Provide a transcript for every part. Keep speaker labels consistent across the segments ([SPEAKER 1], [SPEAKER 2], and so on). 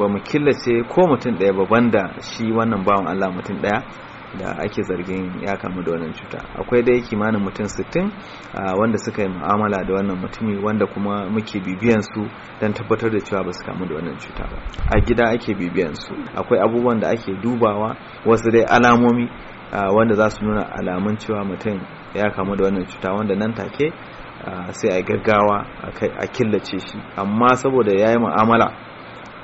[SPEAKER 1] ba mu killace ko mutum ɗaya ba banda shi wannan bawan Allah mutum ɗaya da ake zargin ya kamu da wannan cuta akwai dai kimanin mutum 60 wanda suka yi mu'amala da wannan mutumi wanda kuma muke bibiyan su don tabbatar da cewa ba su kamu da wannan cuta ba a gida ake bibiyan su akwai abubuwan da ake dubawa wasu dai alamomi wanda za su nuna alamun cewa mutum ya kamu da wannan cuta wanda nan take sai a gaggawa a killace shi amma saboda ya yi mu'amala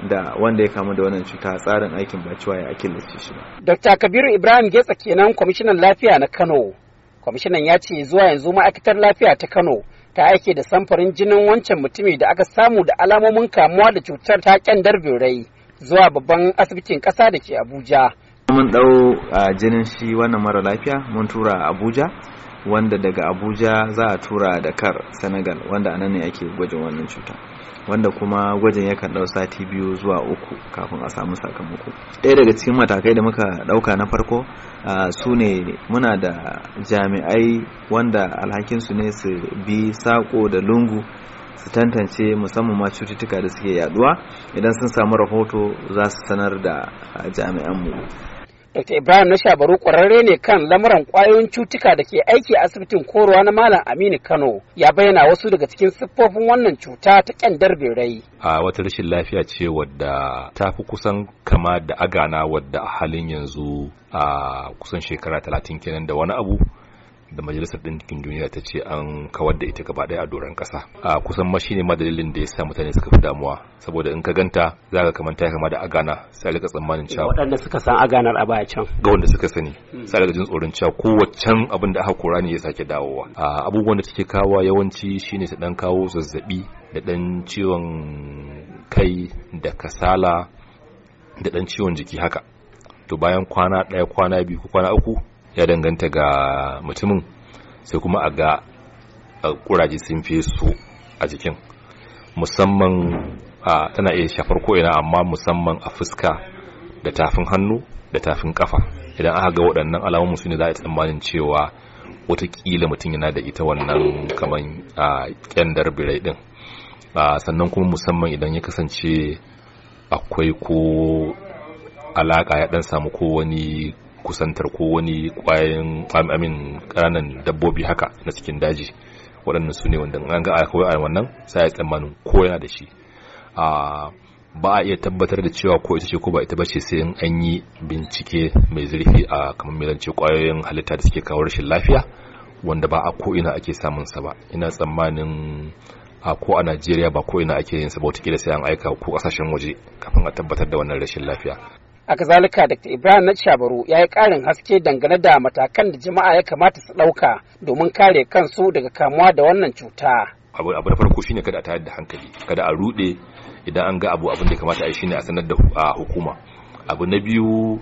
[SPEAKER 1] da wanda ya kamu da wannan cuta tsarin aikin ba cewa ya killace shi ba.
[SPEAKER 2] Dr. Kabiru Ibrahim Getsa kenan kwamishinan lafiya na Kano. Kwamishinan ya ce zuwa yanzu ma'aikatar lafiya ta Kano ta aike da samfurin jinin wancan mutumi da aka samu da alamomin kamuwa da cutar ta kyandar birai zuwa babban asibitin ƙasa da ke Abuja.
[SPEAKER 1] Mun ɗau ah, jinin shi wannan mara lafiya mun tura Abuja wanda daga abuja za a tura da kar senegal wanda anan ne ake gwajin wannan cuta wanda kuma gwajin yakan ɗau sati biyu zuwa uku kafin a samu sakamako ɗaya daga cikin matakai da muka ɗauka na farko su ne muna da jami'ai wanda alhakinsu ne su bi sako da lungu su tantance musamman ma cututtuka da suke yaduwa idan sun samu rahoto za su sanar da jami'an mu
[SPEAKER 2] Dr. Ibrahim na Shabaru kwararre ne kan lamuran ƙwayoyin cutuka da ke aiki a asibitin korowa na Malam Aminu Kano ya bayyana wasu daga cikin siffofin wannan cuta ta ƙyandar berai.
[SPEAKER 3] A wata rashin lafiya ce wadda ta fi kusan kama da agana wadda a halin yanzu a kusan shekara talatin kenan da wani abu da majalisar ɗinkin duniya ta ce an kawar da ita gaba ɗaya a doron ƙasa a kusan ma shine ma dalilin da ya sa mutane suka fi damuwa saboda in ka ganta za ka kamanta ya kama da agana sai rika tsammanin cewa
[SPEAKER 2] waɗanda suka san aganar a baya can
[SPEAKER 3] ga wanda suka sani hmm. sai rika jin tsoron cewa kowaccen abin da aka kora ne ya sake dawowa a abubuwan da take kawo yawanci shine ta ɗan kawo zazzabi da ɗan ciwon kai da kasala da ɗan ciwon jiki haka to bayan kwana ɗaya kwana biyu ko kwana uku ya danganta ga mutumin sai kuma a ga kuraje sun fi su a jikin musamman a tana iya shafar ko'ina amma musamman a fuska da tafin hannu da tafin kafa idan aka ga waɗannan alamomin su ne za a yi tsammanin cewa watakila mutum yana da ita wannan kamar a kyandar birai din sannan kuma musamman idan ya kasance akwai ko alaka ya ɗan samu ko wani kusantar ko wani kwayan amin ƙananan dabbobi haka na cikin daji waɗannan su ne wanda an ga a kawai a wannan sai ya tsammanin ko yana da shi ba a iya tabbatar da cewa ko ita ce ko ba ita bace sai in an yi bincike mai zurfi a kamar milance kwayoyin halitta da suke kawo rashin lafiya wanda ba a ko ina ake samun sa ba ina tsammanin a ko a Najeriya ba ko ina ake yin sa ba wata sai an aika ko kasashen waje kafin a tabbatar da wannan rashin lafiya
[SPEAKER 2] a kazalika dr ibrahim na shabaru ya yi karin haske dangane da matakan da jama'a ya kamata su ɗauka domin kare kansu daga kamuwa da wannan cuta
[SPEAKER 3] abu na farko shine kada a tayar da hankali kada a rude idan an ga abu abin da kamata a yi shine a sanar da hukuma abu na biyu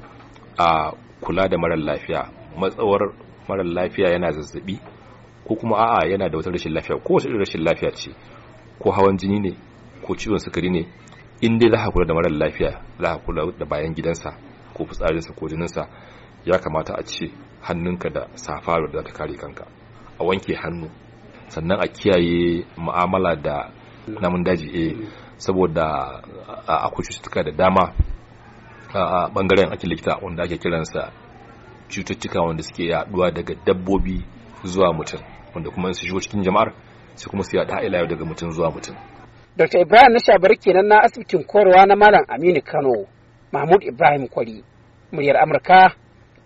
[SPEAKER 3] a kula da marar lafiya matsawar marar lafiya yana zazzabi ko kuma a'a yana da wata rashin lafiya ko irin rashin lafiya ce ko hawan jini ne ko ciwon sukari ne in dai za ka kula da marar lafiya za ka kula da bayan gidansa ko fitsarinsa ko jininsa ya kamata a ce hannunka da safarar da za ta kare kanka a wanke hannu sannan a kiyaye ma'amala da namun daji A eh, saboda a cututtuka da dama a bangaren ake likita wanda ake kiransa cututtuka wanda suke yaduwa daga dabbobi zuwa mutum wanda kuma su shigo cikin jama'ar sai kuma su yaɗa ila daga mutum zuwa mutum
[SPEAKER 2] Dr. Ibrahim na shabar kenan na asibitin koyarwa na Malam Aminu Kano, Mahmud Ibrahim Kwari, muryar Amurka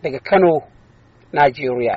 [SPEAKER 2] daga Kano,
[SPEAKER 1] Najeriya.